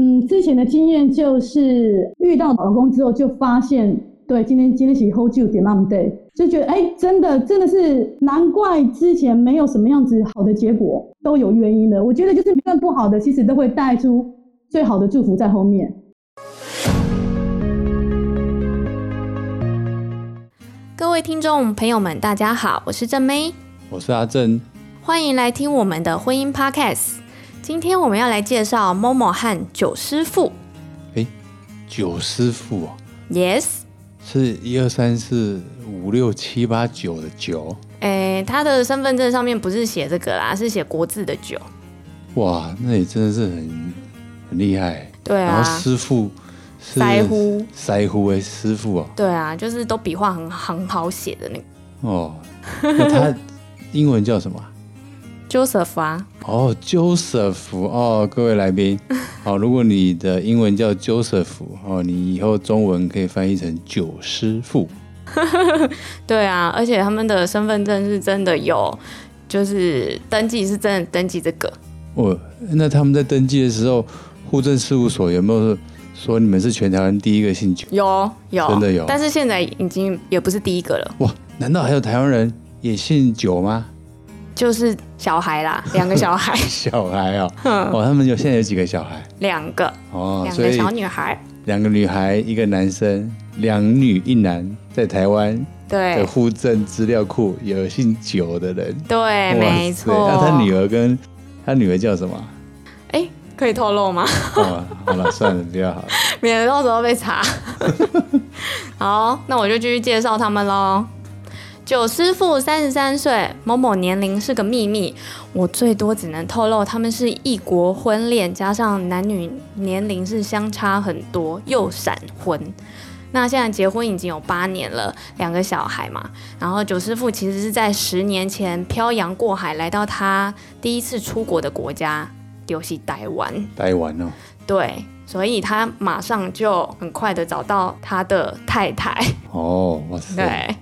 嗯，之前的經驗就是遇到老公之後就發現，對，今天今天起以後就有點那麼對，就覺得哎、欸，真的真的是難怪之前沒有什麼樣子好的結果，都有原因的。我覺得就是每段不好的，其實都會帶出最好的祝福在後面。各位聽眾朋友們，大家好，我是正妹，我是阿正，歡迎來聽我們的婚姻 Podcast。今天我們要來介紹 Momo 和九師父。哎，九師父哦。Yes。是一二三四五六七八九的九？哎，他的身份證上面不是寫這個啦，是寫國字的九。哇，那你真的是很很厲害。對啊。然後師父，腮乎腮乎哎，師父啊、哦。對啊，就是都筆畫很很好寫的那個。哦，那他英文叫什麼？ Joseph 啊，哦，Joseph，哦，各位來賓，好， 如果你的英文叫 Joseph，哦，你以後中文可以翻譯成九師父。 對啊，而且他們的身份證是真的有，就是登記是真的登記這個。哦，那他們在登記的時候，戶政事務所有沒有說你們是全台灣第一個姓九？有，有，真的有。但是現在已經也不是第一個了。哇，難道還有台灣人也姓九嗎？就是小孩啦，兩個小孩。 小孩哦， 哦，他們有現在有幾個小孩？兩個哦，兩個小女孩。兩個女孩，一個男生，兩女一男，在台灣。對。的戶政資料庫有姓九的人。對，哇塞。沒錯。那、啊、他女兒跟他女兒叫什麼？欸、可以透露嗎？ 哦、好了，算了，比較好了， 免得到時候被查。 好，那我就繼續介紹他們嘍。九師父三十三歲，某某年齡是個秘密，我最多只能透露他們是異國婚戀，加上男女年齡是相差很多，又閃婚。那現在結婚已經有八年了，兩個小孩嘛。然後九師父其實是在十年前漂洋過海來到他第一次出國的國家，就是台灣。台灣哦。對，所以他馬上就很快的找到他的太太。哦，哇塞。對。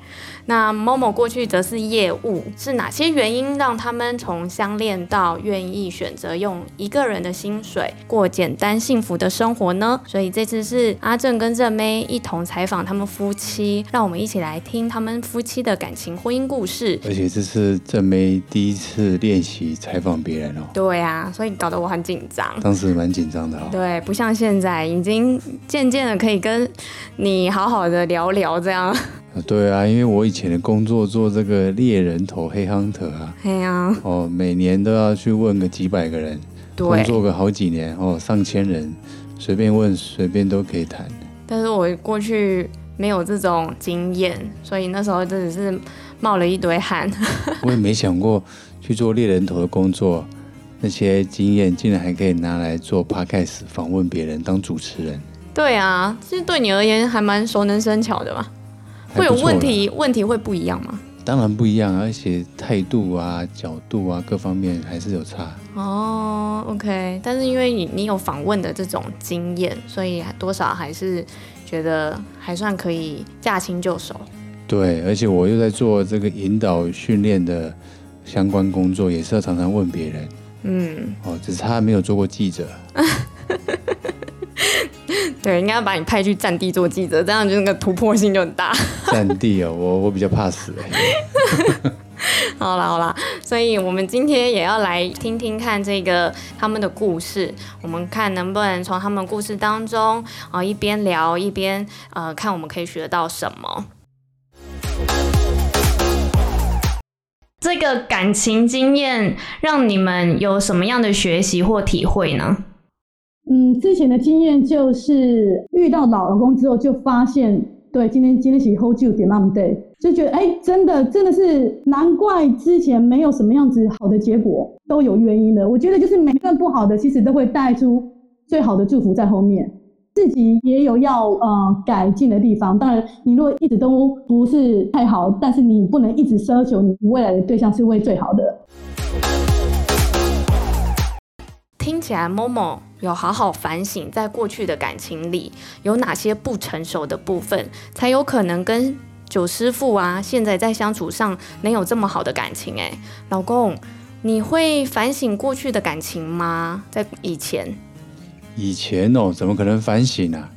那 Momo 過去則是業務，是哪些原因讓他們從相戀到願意選擇用一個人的薪水過簡單幸福的生活呢？所以這次是阿正跟正妹一同採訪他們夫妻，讓我們一起來聽他們夫妻的感情婚姻故事。而且這是正妹第一次練習採訪別人哦。對啊，所以搞得我很緊張。當時蠻緊張的哦，對，不像現在已經漸漸的可以跟你好好的聊聊這樣。對啊，因為我以前的工作做這個獵人頭黑行特啊，對啊，哦，每年都要去問個幾百個人，對，工作個好幾年哦，上千人隨便問隨便都可以談。但是我過去沒有這種經驗，所以那時候真的是冒了一堆汗。 我也沒想過去做獵人頭的工作，那些經驗竟然還可以拿來做 Podcast 訪問別人當主持人。對啊，這對你而言還蠻熟能生巧的嘛。會有問題，問題會不一樣嗎？當然不一樣，而且態度啊、角度啊、各方面還是有差。哦，OK，但是因為你你有訪問的這種經驗，所以多少還是覺得還算可以駕輕就熟。對，而且我又在做這個引導訓練的相關工作，也是要常常問別人。嗯，哦，只是他沒有做過記者。 對，應該要把你派去戰地做記者，這樣就那個突破性就很大。戰 地哦，我我比較怕死 好啦好啦，所以我們今天也要來聽聽看這個他們的故事，我們看能不能從他們的故事當中啊、呃、一邊聊一邊呃看我們可以學到什麼。這個感情經驗讓你們有什麼樣的學習或體會呢？嗯，之前的經驗就是遇到老老公之後，就發現對今天今天起 Hold you 點那麼對，就覺得誒、欸，真的真的是難怪之前沒有什麼樣子好的結果，都有原因的。我覺得就是每段不好的，其實都會帶出最好的祝福在後面。自己也有要呃改進的地方。當然，你如果一直都不是太好，但是你不能一直奢求你未來的對象是會最好的。聽起來 Momo 有好好反省，在過去的感情裡有哪些不成熟的部分，才有可能跟九師父啊現在在相處上能有這麼好的感情？誒，老公，你會反省過去的感情嗎？在以前，以前哦，怎麼可能反省啊？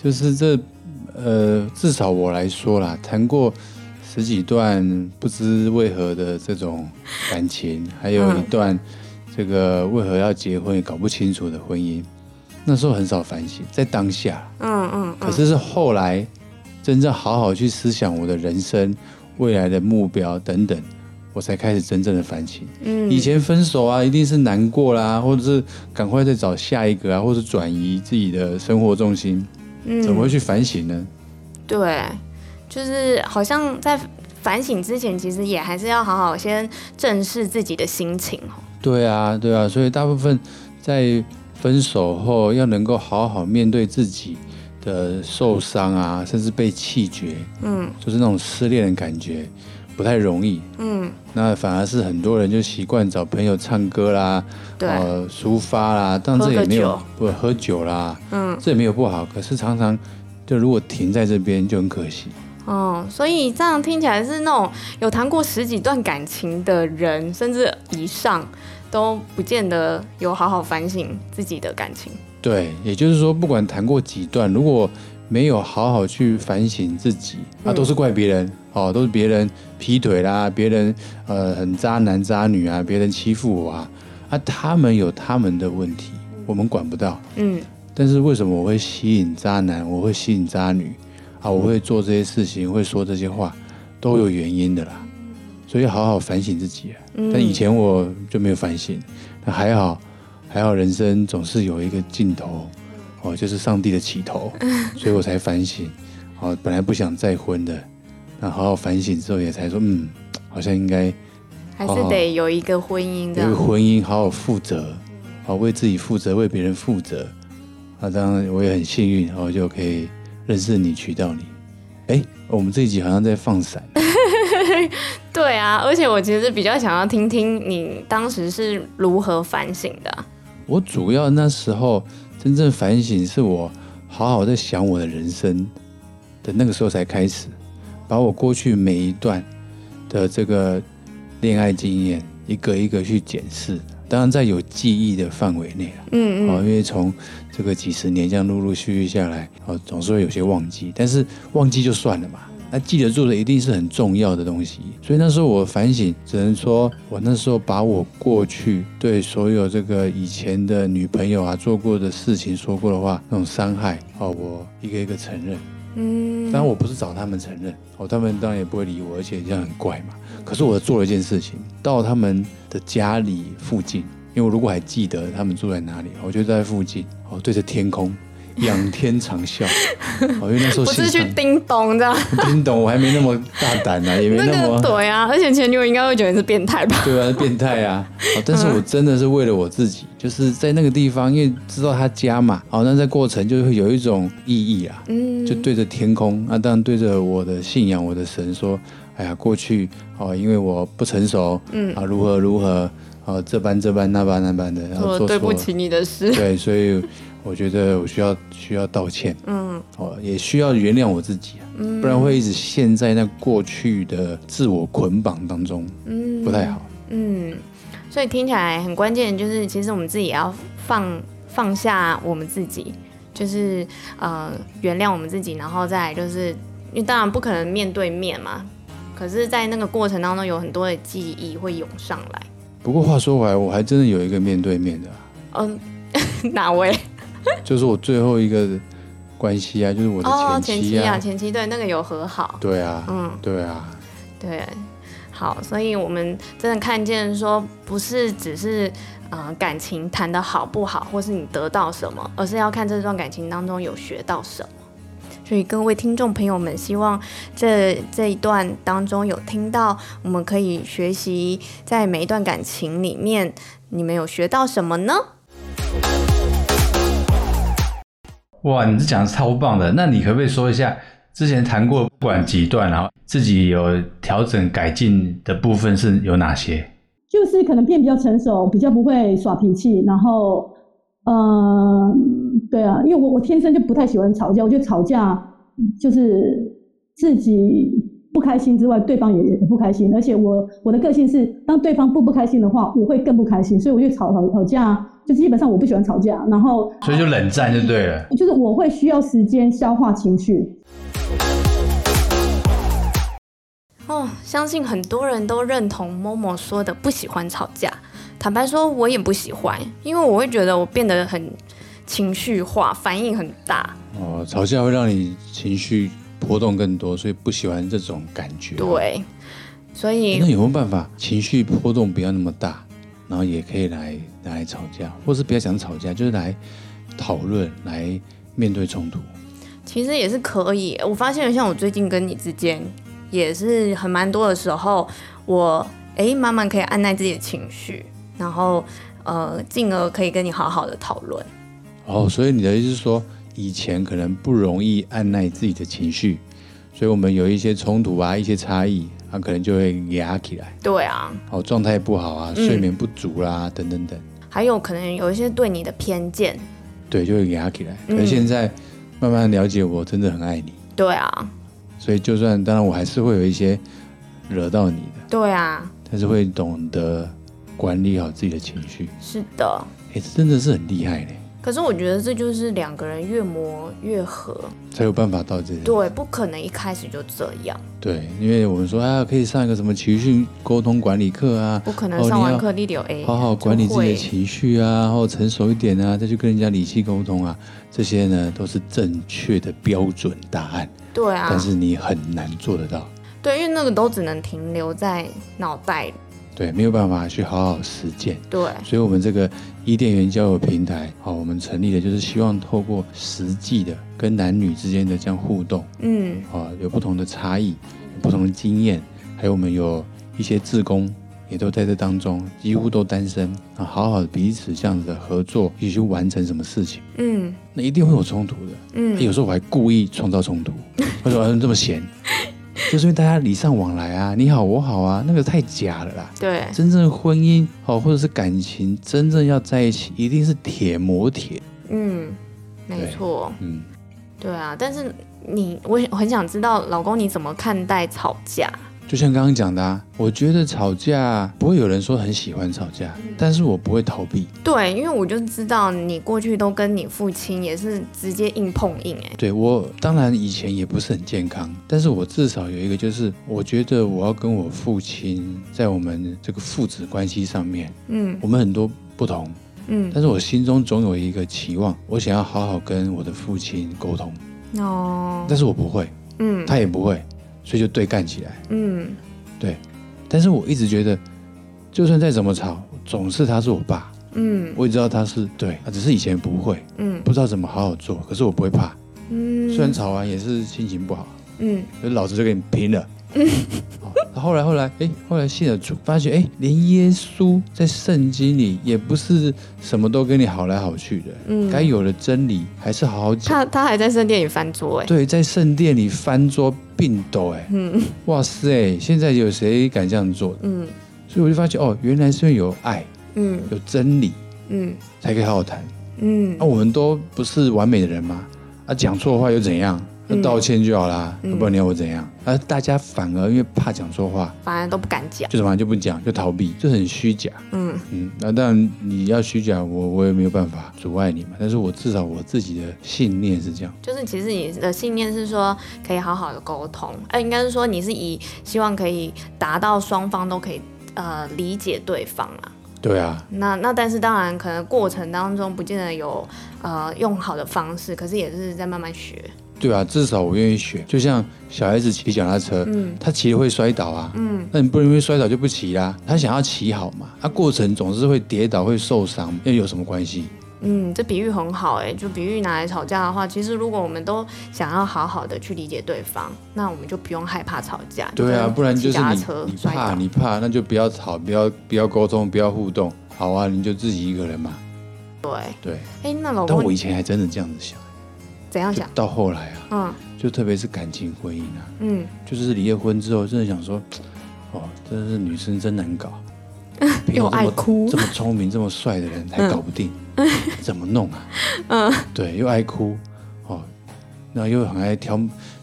就是這呃，至少我來說啦，談過十幾段不知為何的這種感情，還有一段、嗯。這個為何要結婚也搞不清楚的婚姻，那時候很少反省，在當下，嗯嗯，可是是後來真正好好去思想我的人生、未來的目標等等，我才開始真正的反省。嗯，以前分手啊，一定是難過啦，或者是趕快再找下一個啊，或者轉移自己的生活重心，怎麼會去反省呢？對，就是好像在反省之前，其實也還是要好好先正視自己的心情對啊，對啊，所以大部分在分手後要能夠好好面對自己的受傷啊，甚至被棄絕，嗯，就是那種失戀的感覺，不太容易，嗯，那反而是很多人就習慣找朋友唱歌啦，對，抒發啦，但這也沒有喝不喝酒啦，嗯，這也沒有不好，可是常常就如果停在這邊就很可惜。嗯、哦，所以這樣聽起來是那種有談過十幾段感情的人，甚至以上都不見得有好好反省自己的感情。對，也就是說，不管談過幾段，如果沒有好好去反省自己，啊，都是怪別人哦，都是別人劈腿啦，別人呃很渣男渣女啊，別人欺負我啊，啊，那他們有他們的問題，我們管不到。嗯，但是為什麼我會吸引渣男，我會吸引渣女？啊，我會做這些事情，會說這些話，都有原因的啦。所以好好反省自己啊。但以前我就沒有反省。那還好，還好，人生總是有一個盡頭，哦，就是上帝的起頭，所以我才反省。哦，本來不想再婚的，那好好反省之後也才說，嗯，好像應該還是得有一個婚姻的。對婚姻好好負責，好為自己負責，為別人負責。那當然我也很幸運，然後，就可以，認識你，娶到你，誒，我們這一集好像在放閃。 對啊，而且我其實比較想要聽聽你當時是如何反省的。我主要那時候真正反省，是我好好在想我的人生的那個時候才開始，把我過去每一段的這個戀愛經驗一個一個去檢視，當然在有記憶的範圍內啊。嗯嗯。哦，因為從這個幾十年這樣陸陸續續下來，哦，總是會有些忘記，但是忘記就算了嘛。那記得住的一定是很重要的東西。所以那時候我反省，只能說我那時候把我過去對所有這個以前的女朋友啊做過的事情、說過的話那種傷害，哦，我一個一個承認。嗯。當然，我不是找他們承認，哦，他們當然也不會理我，而且這樣很怪嘛。可是我做了一件事情，到他們的家裡附近。因為我如果還記得他們住在哪裡，我就在附近，我對着天空仰天長嘯。 那時候我是去叮咚這樣。 叮咚，我還沒那麼大膽呢、啊，也沒那麼那對啊。而且前女友應該會覺得你是變態吧？對啊，變態啊！ 但是我真的是為了我自己，就是在那個地方， 因為知道他家嘛，哦，那在過程就會有一種意義啊。嗯。就對着天空啊，那當然對着我的信仰，我的神說：“哎呀，過去哦，因為我不成熟，嗯啊，如何如何。”好，這般這般那般那般的，做我對不起你的事。對，所以我覺得我需要需要道歉。嗯。好，也需要原諒我自己，不然會一直陷在那過去的自我捆綁當中。嗯，不太好。嗯。嗯，所以聽起來很關鍵，就是其實我們自己也要放放下我們自己，就是呃原諒我們自己，然後再來就是因為當然不可能面對面嘛，可是在那個過程當中有很多的記憶會湧上來。不過話說回來，我還真的有一個面對面的。嗯，哪位？就是我最後一個關係啊，就是我的前妻啊，哦，前妻啊，前妻對那個有和好。對啊。嗯，對啊。對，好，所以我們真的看見說，不是只是，呃，感情談得好不好，或是你得到什麼，而是要看這段感情當中有學到什麼。所以各位聽眾朋友們，希望這這一段當中有聽到，我們可以學習，在每一段感情裡面，你們有學到什麼呢？哇，你這講得超棒的！那你可不可以說一下，之前談過不管幾段，然後自己有調整改進的部分是有哪些？就是可能變比較成熟，比較不會耍脾氣，然後。嗯，對啊，因為我我天生就不太喜歡吵架，我覺得吵架就是自己不開心之外，對方也也不開心，而且我我的個性是，當對方不不開心的話，我會更不開心，所以我就吵吵吵架，就是、基本上我不喜歡吵架，然後所以就冷戰就對了、嗯，就是我會需要時間消化情緒。哦，相信很多人都認同 Momo 說的，不喜歡吵架。坦白說，我也不喜歡，因為我會覺得我變得很情緒化，反應很大。哦，吵架會讓你情緒波動更多，所以不喜歡這種感覺。對，所以、哎、那有沒有辦法情緒波動不要那麼大，然後也可以來，來來吵架，或是不要想吵架，就是來討論，來面對衝突？其實也是可以。我發現，像我最近跟你之間，也是很蠻多的時候，我哎慢慢可以按捺自己的情緒。然後，呃，進而可以跟你好好的討論。哦，所以你的意思是說，以前可能不容易按捺自己的情緒，所以我們有一些衝突啊，一些差異，啊，可能就會壓起來。對啊。哦，狀態不好啊，嗯、睡眠不足啦、啊，等等等。還有可能有一些對你的偏見。對，就會壓起來。而、嗯、現在慢慢了解，我真的很愛你。對啊。所以就算當然，我還是會有一些惹到你的。對啊。但是會懂得。管理好自己的情緒，是的，哎，真的是很厲害嘞。可是我覺得這就是兩個人越磨越合，才有辦法到這。對，不可能一開始就這樣。對，因為我們說啊，可以上一個什麼情緒溝通管理課啊，不可能上完課你得有好好管理自己的情緒啊，好成熟一點啊，再去跟人家理性溝通啊，這些呢都是正確的標準答案。對啊。但是你很難做得到。對，因為那個都只能停留在腦袋。對，沒有辦法去好好實踐。對，所以，我們這個伊甸緣交友平台，好，我們成立的就是希望透過實際的跟男女之間的這樣互動，嗯，啊，有不同的差異，不同的經驗，還有我們有一些志工也都在這當中，幾乎都單身啊，好好的彼此這樣子的合作，一起去完成什麼事情，嗯，那一定會有衝突的，嗯，有時候我還故意創造衝突，我說，哎，你們這麼閒。 就是因為大家禮尚往來啊，你好我好啊，那個太假了啦。對，真正的婚姻好或者是感情，真正要在一起，一定是鐵磨鐵。嗯，沒錯。嗯，對啊。但是你，我很想知道，老公你怎麼看待吵架？就像剛剛講的啊，我覺得吵架不會有人說很喜歡吵架，嗯，但是我不會逃避。對，因為我就知道你過去都跟你父親也是直接硬碰硬。哎，對我當然以前也不是很健康，但是我至少有一個就是，我覺得我要跟我父親在我們這個父子關係上面，嗯，我們很多不同，嗯，但是我心中總有一個期望，我想要好好跟我的父親溝通。哦，但是我不會，嗯，他也不會。所以就對幹起來，嗯，對，但是我一直覺得，就算再怎麼吵，總是他是我爸，嗯，我也知道他是對，只是以前不會，嗯，不知道怎麼好好做，可是我不會怕，嗯，雖然吵完也是心情不好，嗯，老子就跟你拼了。後來，後來，哎、欸，後來信了主，發現，哎，連耶穌在聖經裡也不是什麼都跟你好來好去的，嗯，該有的真理還是好好講。他他還在聖殿裡翻桌，哎，對，在聖殿裡翻桌並鬥，哎，嗯，哇塞，現在有誰敢這樣做的？嗯，所以我就發現，哦，原來是因為有愛，嗯，有真理，嗯，才可以好好談，嗯，那、啊、我們都不是完美的人嘛，啊，講錯話又怎樣？道歉就好了，啊，嗯，要不然你要我怎樣？而，啊、大家反而因為怕講錯話，反而都不敢講，就是反正就不講，就逃避，就很虛假。嗯嗯，那當然你要虛假，我我也沒有辦法阻礙你嘛。但是我至少我自己的信念是這樣，就是其實你的信念是說可以好好的溝通，呃，應該是說你是以希望可以達到雙方都可以呃理解對方啊。對啊。那那但是當然可能過程當中不見得有呃用好的方式，可是也是在慢慢學。對啊，至少我願意學，就像小孩子騎腳踏車，嗯、他騎了會摔倒啊，嗯、那你不能因為摔倒就不騎啦。他想要騎好嘛，他、啊、過程總是會跌倒會受傷，又有什麼關係？嗯，這比喻很好哎，就比喻拿來吵架的話，其實如果我們都想要好好的去理解對方，那我們就不用害怕吵架。對啊，不然就是你車你怕你怕，你怕，那就不要吵，不要不要溝通，不要互動，好啊，你就自己一個人嘛。對對，哎對、欸，那老公。但我以前還真的這樣子想。怎樣想？到後來啊，嗯，就特別是感情婚姻啊，嗯，就是離了婚之後，真的想說，哦，真的是女生真難搞，又愛哭，這麼聰明、這麼帥的人還搞不定，嗯、怎麼弄啊？嗯，對，又愛哭，哦，那又很愛挑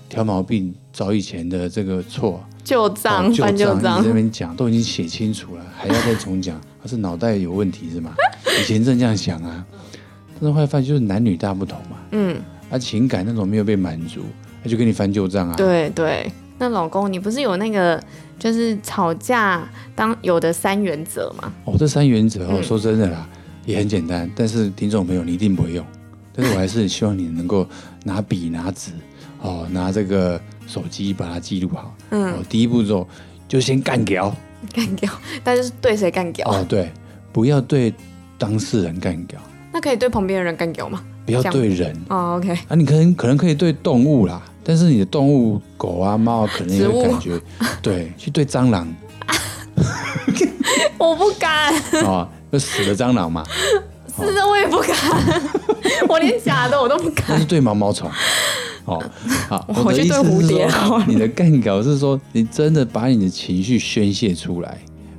挑毛病，找以前的這個錯，舊賬翻舊賬，你這邊講都已經寫清楚了，還要再重講，嗯、是腦袋有問題是嗎？以前真這樣想啊，但是後來發現就是男女大不同嘛，嗯。他、啊、情感那種沒有被滿足，他、啊、就跟你翻舊賬啊。對對，那老公，你不是有那個就是吵架當有的三原則嗎？哦，這三原則哦，嗯、說真的啦，也很簡單，但是聽眾朋友你一定不會用，但是我還是希望你能夠拿筆拿紙哦，拿這個手機把它記錄好。嗯。第一步驟就先幹譙。幹譙，但是對誰幹譙？哦，對，不要對當事人幹譙。那可以對旁邊的人幹譙嗎？不要對人哦，OK。啊，你可能可能可以對動物啦，但是你的動物狗啊貓可能有感覺，對，去對蟑螂。我不敢。啊，就死的蟑螂嘛。死的我也不敢，我連假的我都不敢。那是對毛毛蟲。好，好。我就對蝴蝶。你的尬搞是說，你真的把你的情緒宣泄出來，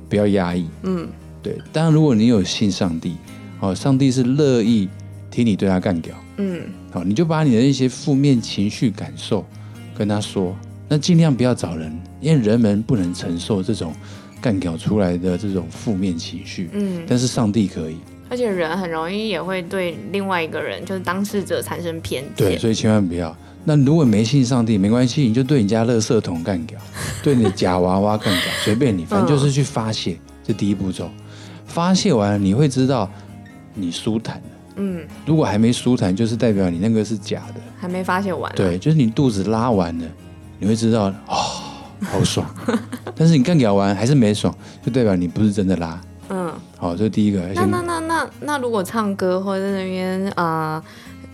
不要壓抑。嗯，對。當然，如果你有信上帝，哦，上帝是樂意。替你對他幹掉，嗯，好，你就把你的一些負面情緒感受跟他說。那盡量不要找人，因為人們不能承受這種幹掉出來的這種負面情緒，嗯，但是上帝可以，嗯，而且人很容易也會對另外一個人，就是當事者產生偏見，對，所以千萬不要。那如果沒信上帝沒關係，你就對你家垃圾桶幹掉，對你的假娃娃幹掉，隨便你，反正就是去發洩，這第一步驟。發洩完了你會知道你舒坦了。嗯，如果還沒舒坦，就是代表你那個是假的，還沒發洩完，啊。對，就是你肚子拉完了，你會知道哦，好爽。 但是你幹譙完還是沒爽，就代表你不是真的拉。嗯，好，這是第一個。那那那那那，那那那那如果唱歌或者在那邊啊、呃、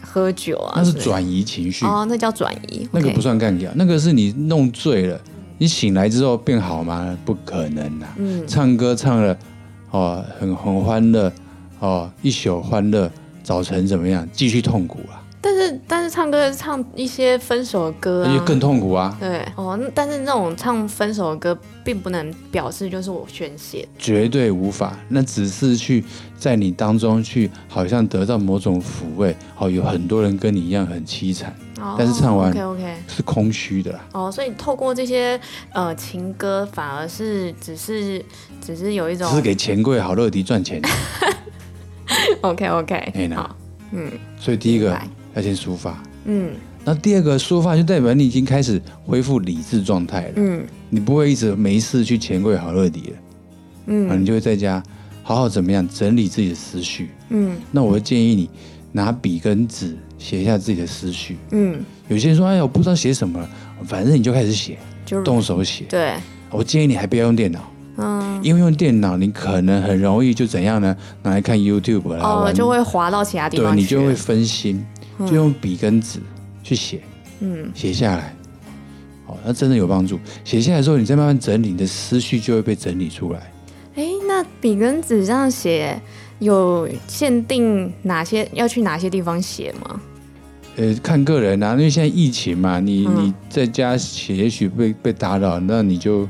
喝酒啊，那是轉移情緒。嗎哦，那叫轉移，那個不算幹譙，okay 那個是你弄醉了，你醒來之後變好嗎？不可能啊。嗯，唱歌唱了哦，很很歡樂哦，一宿歡樂。早晨怎麼樣？繼續痛苦啊？但是但是唱歌是唱一些分手的歌那，啊、就更痛苦啊。對，哦，那但是那種唱分手的歌並不能表示就是我宣洩，絕對無法。那只是去在你當中去，好像得到某種撫慰。哦，有很多人跟你一樣很淒慘，哦、但是唱完、哦、OK OK 是空虛的，啊。哦，所以透過這些呃情歌，反而是只是只是有一種只是給錢櫃好樂迪賺錢。 OK OK，哎，那好，嗯，所以第一個要先抒發，嗯，那第二個抒發就代表你已經開始恢復理智狀態了，嗯，你不會一直沒事去錢櫃、好樂迪了，嗯，然後你就會在家好好怎麼樣整理自己的思緒，嗯，那我會建議你拿筆跟紙寫一下自己的思緒，嗯，有些人說哎呀我不知道寫什麼了，反正你就開始寫，就動手寫，對，我建議你還不要用電腦。嗯，因為用電腦，你可能很容易就怎樣呢？拿來看 YouTube，哦，我就會滑到其他地方。對，你就會分心，嗯、就用筆跟紙去寫，嗯，寫下來，好、哦，那真的有幫助。寫下來之後，你再慢慢整理，你的思緒就會被整理出來。哎、欸，那筆跟紙這樣寫有限定哪些要去哪些地方寫嗎？呃、欸，看個人啊，因為現在疫情嘛，你你在家寫，也許被被打擾，那你就。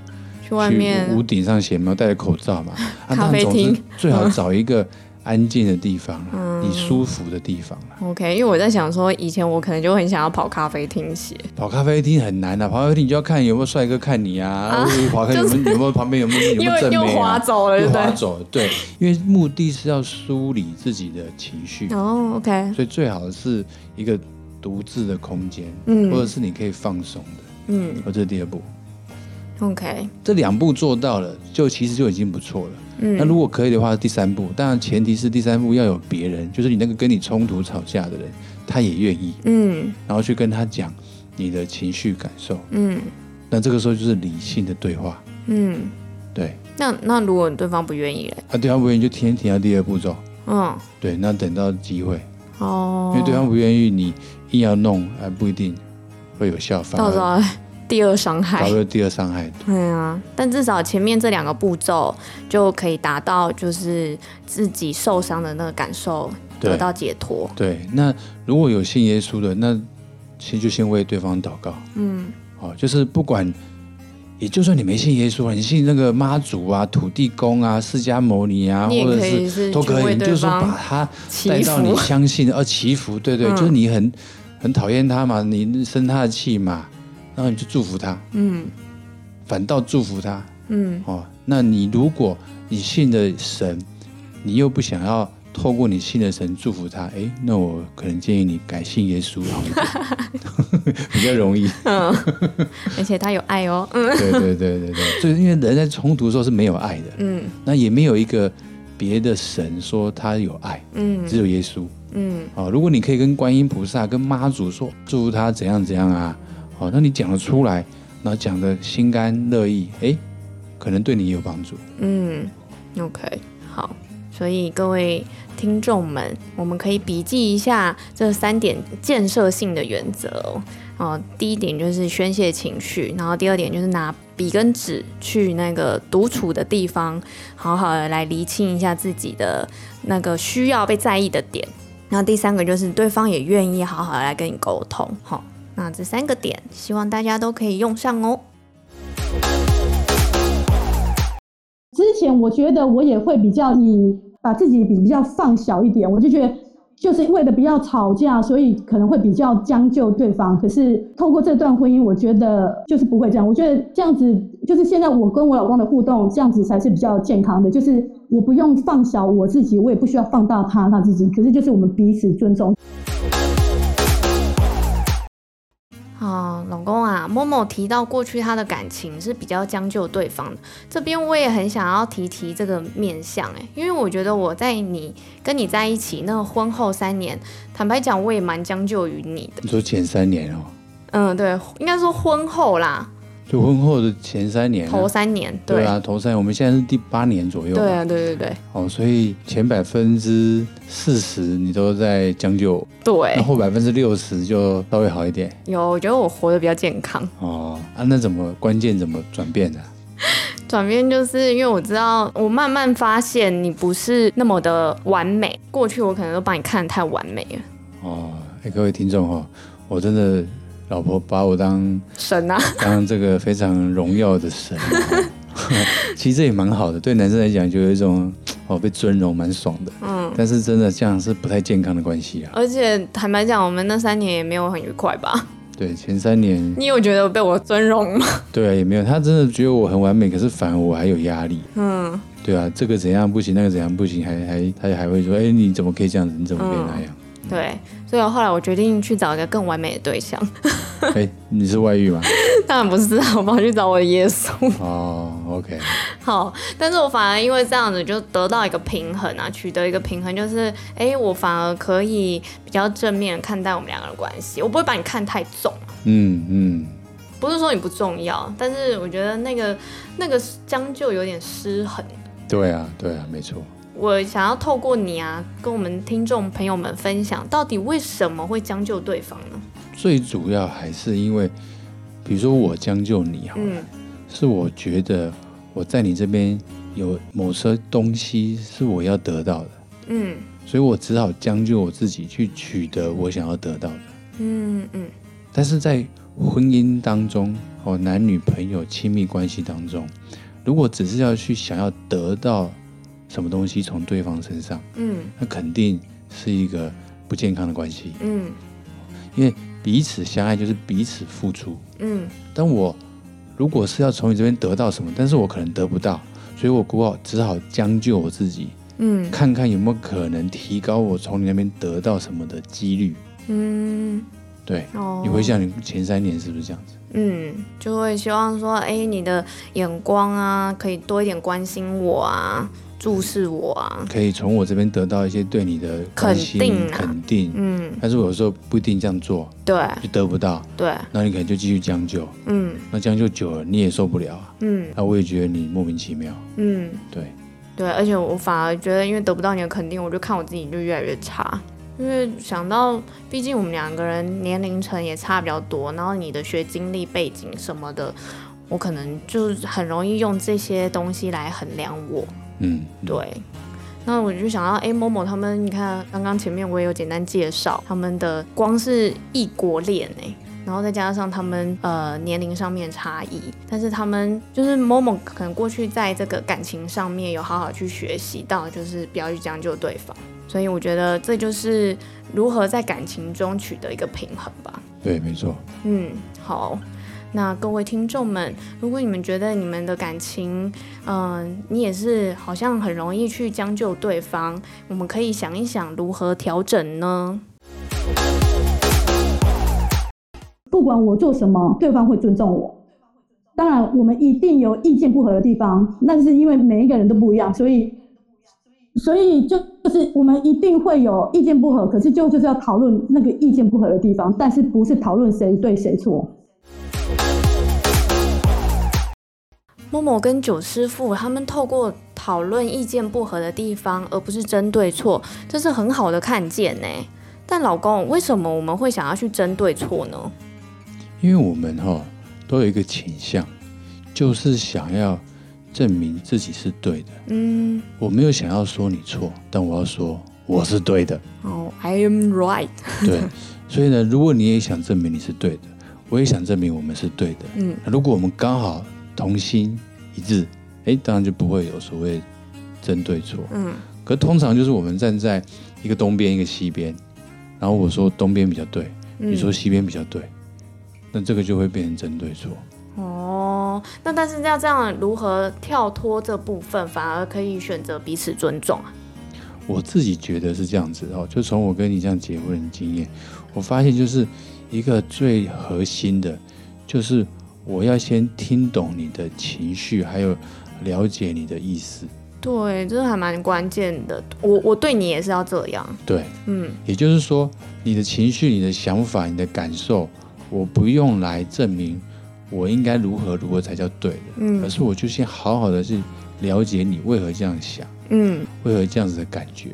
去外面，屋頂上寫嘛，戴着口罩嘛。咖啡廳最好找一個安靜的地方啦，你舒服的地方。OK，因為我在想說，以前我可能就很想要跑咖啡廳寫。跑咖啡廳很難的，跑咖啡廳就要看有沒有帥哥看你啊，跑看有沒有旁邊有沒有有沒有正妹。又滑走了，又滑走了，對。因為目的是要梳理自己的情緒。哦，OK。所以最好的是一個獨自的空間，嗯，或者是你可以放鬆的，嗯。這是第二步。OK，這兩步做到了，就其實就已經不錯了。嗯，那如果可以的話，第三步，當然前提是第三步要有別人，就是你那個跟你衝突吵架的人，他也願意。嗯，然後去跟他講你的情緒感受。嗯，那這個時候就是理性的對話。嗯，對。那那如果對方不願意了啊，對方不願意，就先停到第二步驟。嗯、哦，對，那等到機會。哦。因為對方不願意，你硬要弄，還不一定會有效，反而到時候第二傷害，第二傷害，對啊，但至少前面這兩個步驟就可以達到，就是自己受傷的那個感受得到解脫。對，那如果有信耶穌的，那其實就先為對方禱告。嗯，好，就是不管，也就算你沒信耶穌，你信那個媽祖啊、土地公啊、釋迦牟尼啊，或者是，可是都可以，你就是說把他帶到你相信，而祈福，對，對對，就是你很很討厭他嘛，你生他的氣嘛。然後你就祝福他，嗯，反倒祝福他，嗯，那你如果你信的神，你又不想要透過你信的神祝福他，哎，那我可能建議你改信耶穌，好一點，比較容易，嗯，而且他有愛哦，嗯，對對對對對，對，就因為人在衝突的時候是沒有愛的，嗯，那也沒有一個別的神說他有愛，嗯，只有耶穌，嗯，如果你可以跟觀音菩薩、跟媽祖說祝福他怎樣怎樣啊。好，那你講得出來，然後講的心甘樂意，欸，可能對你也有幫助。嗯，OK，好，所以各位聽眾們，我們可以筆記一下這三點建設性的原則哦，第一點就是宣洩情緒，然後第二點就是拿筆跟紙去那個獨處的地方，好好的來釐清一下自己的那個需要被在意的點，然後第三個就是對方也願意好好的來跟你溝通，好。那這三個點，希望大家都可以用上哦。之前我覺得我也會比較，以把自己比比較放小一點，我就覺得就是為了比較吵架，所以可能會比較將就對方。可是透過這段婚姻，我覺得就是不會這樣。我覺得這樣子就是現在我跟我老公的互動，這樣子才是比較健康的。就是我不用放小我自己，我也不需要放大他他自己。可是就是我們彼此尊重。啊、哦，老公啊，某某提到過去他的感情是比較將就對方的，這邊我也很想要提提這個面向誒、欸，因為我覺得我在你跟你在一起那個婚後三年，坦白講我也蠻將就於你的。你說前三年哦？嗯，對，應該說婚後啦。就婚後的前三年、啊嗯，頭三年，對，對啊，頭三年，我們現在是第八年左右，對啊，對對對，哦，所以前百分之四十你都在將就，對，然後百分之六十就稍微好一點。有，我覺得我活得比較健康。哦，啊，那怎麼關鍵怎麼轉變的、啊？轉變就是因為我知道，我慢慢發現你不是那麼的完美。過去我可能都把你看得太完美了。哦，哎，各位聽眾哈、哦，我真的。老婆把我當神啊，當這個非常榮耀的神， 其實也蠻好的，對男生來講就有一種哦被尊榮，蠻爽的。嗯，但是真的這樣是不太健康的關係啊。而且坦白講，我們那三年也沒有很愉快吧？對，前三年。你有覺得被我尊榮嗎？對啊，也沒有，他真的覺得我很完美，可是反而我還有壓力。嗯，對啊，這個怎樣不行，那個怎樣不行，還還他還會說，哎，你怎麼可以這樣子？你怎麼可以那樣？嗯對，所以後來我決定去找一個更完美的對象。哎、 欸，你是外遇嗎？當然不是好不好，我幫你去找我的耶穌。哦、 oh,，OK。好，但是我反而因為這樣子就得到一個平衡啊，取得一個平衡，就是哎、欸，我反而可以比較正面看待我們兩個人的關係。我不會把你看太重。嗯嗯。嗯，不是說你不重要，但是我覺得那個那個將就有點失衡。對啊，對啊，沒錯。我想要透過你啊，跟我們聽眾朋友們分享，到底為什麼會將就對方呢？最主要還是因為，比如說我將就你，哈、嗯。是我覺得我在你這邊有某些東西是我要得到的，嗯，所以我只好將就我自己去取得我想要得到的，嗯嗯。嗯，但是在婚姻當中或男女朋友親密關係當中，如果只是要去想要得到。什麼東西從對方身上？嗯，那肯定是一個不健康的關係。嗯，因為彼此相愛就是彼此付出。嗯，但我如果是要從你這邊得到什麼，但是我可能得不到，所以我只好只好將就我自己。嗯，看看有沒有可能提高我從你那邊得到什麼的幾率。嗯，對。哦，你會想你前三年是不是這樣子？嗯，就會希望說，哎，你的眼光啊，可以多一點關心我啊。注視我啊，可以從我這邊得到一些對你的肯定啊、肯定，肯定，嗯，但是我有時候不一定這樣做，對，就得不到，對，那你可能就繼續將就，嗯，那將就久了你也受不了啊，嗯，那我也覺得你莫名其妙，嗯，對，對，而且我反而覺得，因為得不到你的肯定，我就看我自己就越來越差，因為想到畢竟我們兩個人年齡層也差比較多，然後你的學經歷背景什麼的，我可能就很容易用這些東西來衡量我。嗯，對。那我就想到，哎，Momo 他們，你看剛剛前面我也有簡單介紹，他們的光是異國戀哎、欸，然後再加上他們呃年齡上面差異，但是他們就是 Momo 可能過去在這個感情上面有好好去學習到，就是不要去將就對方，所以我覺得這就是如何在感情中取得一個平衡吧。對，沒錯。嗯，好。那各位聽眾們，如果你們覺得你們的感情，嗯、呃，你也是好像很容易去將就對方，我們可以想一想如何調整呢？不管我做什麼，對方會尊重我。當然，我們一定有意見不合的地方，但是因為每一個人都不一樣，所以所以就就是我們一定會有意見不合，可是就就是要討論那個意見不合的地方，但是不是討論誰對誰錯。Momo 跟九師父他們透過討論意見不合的地方，而不是爭對錯，這是很好的看見呢。但老公，為什麼我們會想要去爭對錯呢？因為我們哈都有一個傾向，就是想要證明自己是對的。嗯，我沒有想要說你錯，但我要說我是對的。哦，oh，I am right 。對，所以呢，如果你也想證明你是對的，我也想證明我們是對的。嗯，如果我們剛好。同心一致，哎，當然就不會有所謂爭對錯。嗯，可通常就是我們站在一個東邊一個西邊，然後我說東邊比較對，嗯、你說西邊比較對，那這個就會變成爭對錯。哦，那但是要這樣如何跳脫這部分，反而可以選擇彼此尊重啊？我自己覺得是這樣子哦，就從我跟你這樣結婚的經驗，我發現就是一個最核心的，就是。我要先聽懂你的情緒，還有了解你的意思。對，這還蠻關鍵的。我我對你也是要這樣。對，嗯。也就是說，你的情緒、你的想法、你的感受，我不用來證明我應該如何如何才叫對的。嗯。而是我就先好好的去了解你為何這樣想，嗯，為何這樣子的感覺，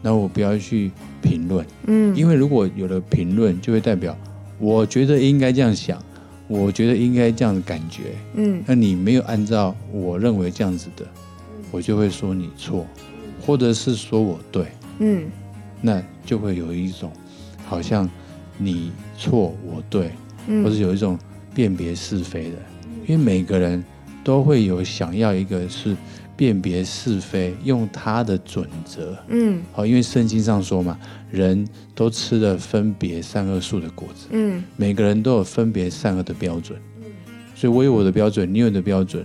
那我不要去評論，嗯，因為如果有了評論，就會代表我覺得應該這樣想。我覺得應該這樣的感覺，嗯，那你沒有按照我認為這樣子的，我就會說你錯，或者是說我對，嗯，那就會有一種好像你錯我對，或者有一種辨別是非的，因為每個人都會有想要一個是。辨別是非，用他的準則。嗯，好，因為聖經上說嘛，人都吃了分別善惡樹的果子。嗯，每個人都有分別善惡的標準。嗯，所以我有我的標準，你有你的標準，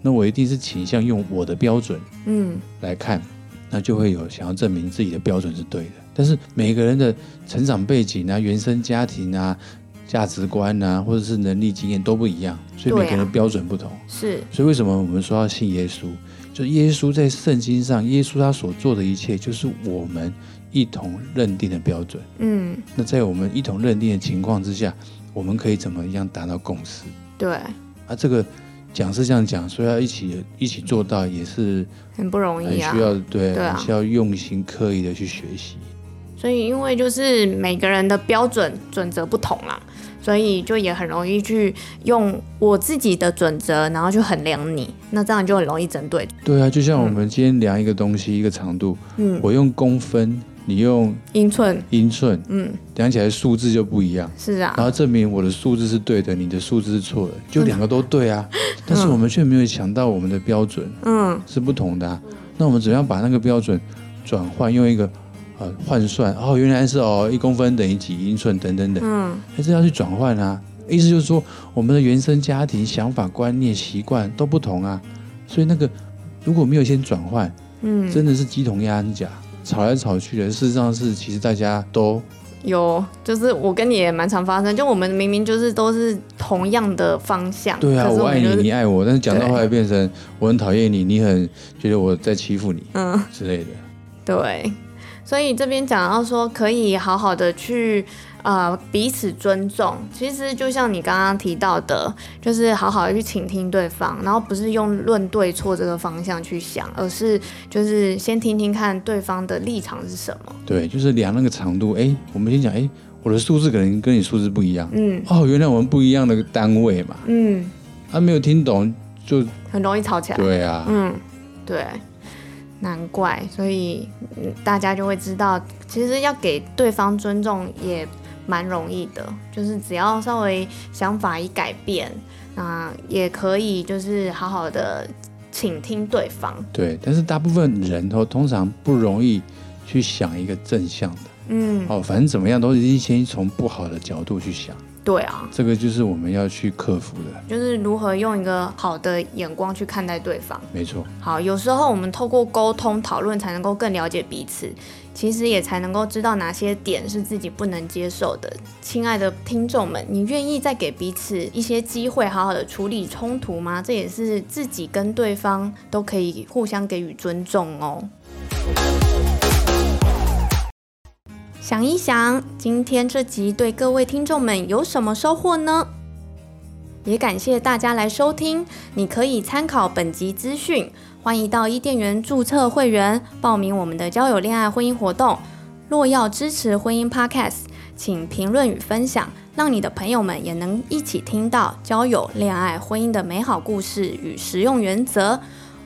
那我一定是傾向用我的標準。嗯，來看，那就會有想要證明自己的標準是對的。但是每個人的成長背景啊、原生家庭啊、價值觀啊，或者是能力經驗都不一樣，所以每個人的標準不同。啊、是。所以為什麼我們說要信耶穌？就耶穌在聖經上，耶穌他所做的一切，就是我們一同認定的標準。嗯，那在我們一同認定的情況之下，我們可以怎麼樣達到共識？對，啊，這個講是這樣講，所以要一起一起做到，也是很不容易啊，啊需要對、啊，對啊、需要用心刻意的去學習。所以，因為就是每個人的標準準則不同啦、啊。所以就也很容易去用我自己的準則，然後去衡量你，那這樣就很容易針對。對啊，就像我們今天量一個東西，嗯、一個長度，嗯，我用公分，你用英寸，英寸，嗯，量起來數字就不一樣。是啊，然後證明我的數字是對的，你的數字是錯的，就兩個都對啊，嗯、但是我們卻沒有想到我們的標準，嗯，是不同的、啊。那我們怎樣把那個標準轉換用一個？換算哦，原來是哦，一公分等於幾英寸等等等，嗯，還是要去轉換啊。意思就是說，我們的原生家庭想法、觀念、習慣都不同啊，所以那個如果沒有先轉換，嗯，真的是雞同鴨講，吵來吵去的。事實上是，其實大家都有，就是我跟你也蠻常發生，就我們明明就是都是同樣的方向，對啊，可是我們就是，我愛你，你愛我，但是講到後來變成對我很討厭你，你很覺得我在欺負你，嗯之類的，對。所以這邊講到說，可以好好的去，呃，彼此尊重。其實就像你剛剛提到的，就是好好的去傾聽對方，然後不是用論對錯這個方向去想，而是就是先聽聽看對方的立場是什麼。對，就是量那個長度。哎，我們先講，哎，我的數字可能跟你數字不一樣。嗯。哦，原來我們不一樣的單位嘛。嗯。他、啊、沒有聽懂就很容易吵起來。對啊。嗯，對。難怪，所以大家就會知道，其實要給對方尊重也蠻容易的，就是只要稍微想法一改變，那、呃、也可以就是好好的傾聽對方。對，但是大部分人都、哦、通常不容易去想一個正向的，嗯，哦，反正怎麼樣都一定先從不好的角度去想。對啊，這個就是我們要去克服的，就是如何用一個好的眼光去看待對方。沒錯，好，有時候我們透過溝通討論，才能夠更了解彼此，其實也才能夠知道哪些點是自己不能接受的。親愛的聽眾們，你願意再給彼此一些機會，好好的處理衝突嗎？這也是自己跟對方都可以互相給予尊重哦。想一想，今天這集對各位聽眾們有什麼收穫呢？也感謝大家來收聽。你可以參考本集資訊，歡迎到伊甸緣註冊會員，報名我們的交友、戀愛、婚姻活動。若要支持婚姻 Pacast，請評論與分享，讓你的朋友們也能一起聽到交友、戀愛、婚姻的美好故事與實用原則。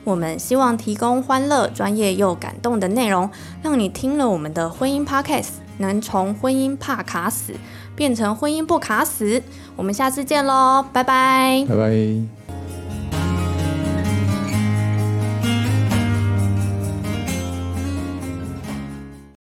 我們希望提供歡樂、專業又感動的內容，讓你聽了我們的婚姻 Pacast。能從婚姻怕卡死變成婚姻不卡死，我們下次見嘍，拜拜，拜拜。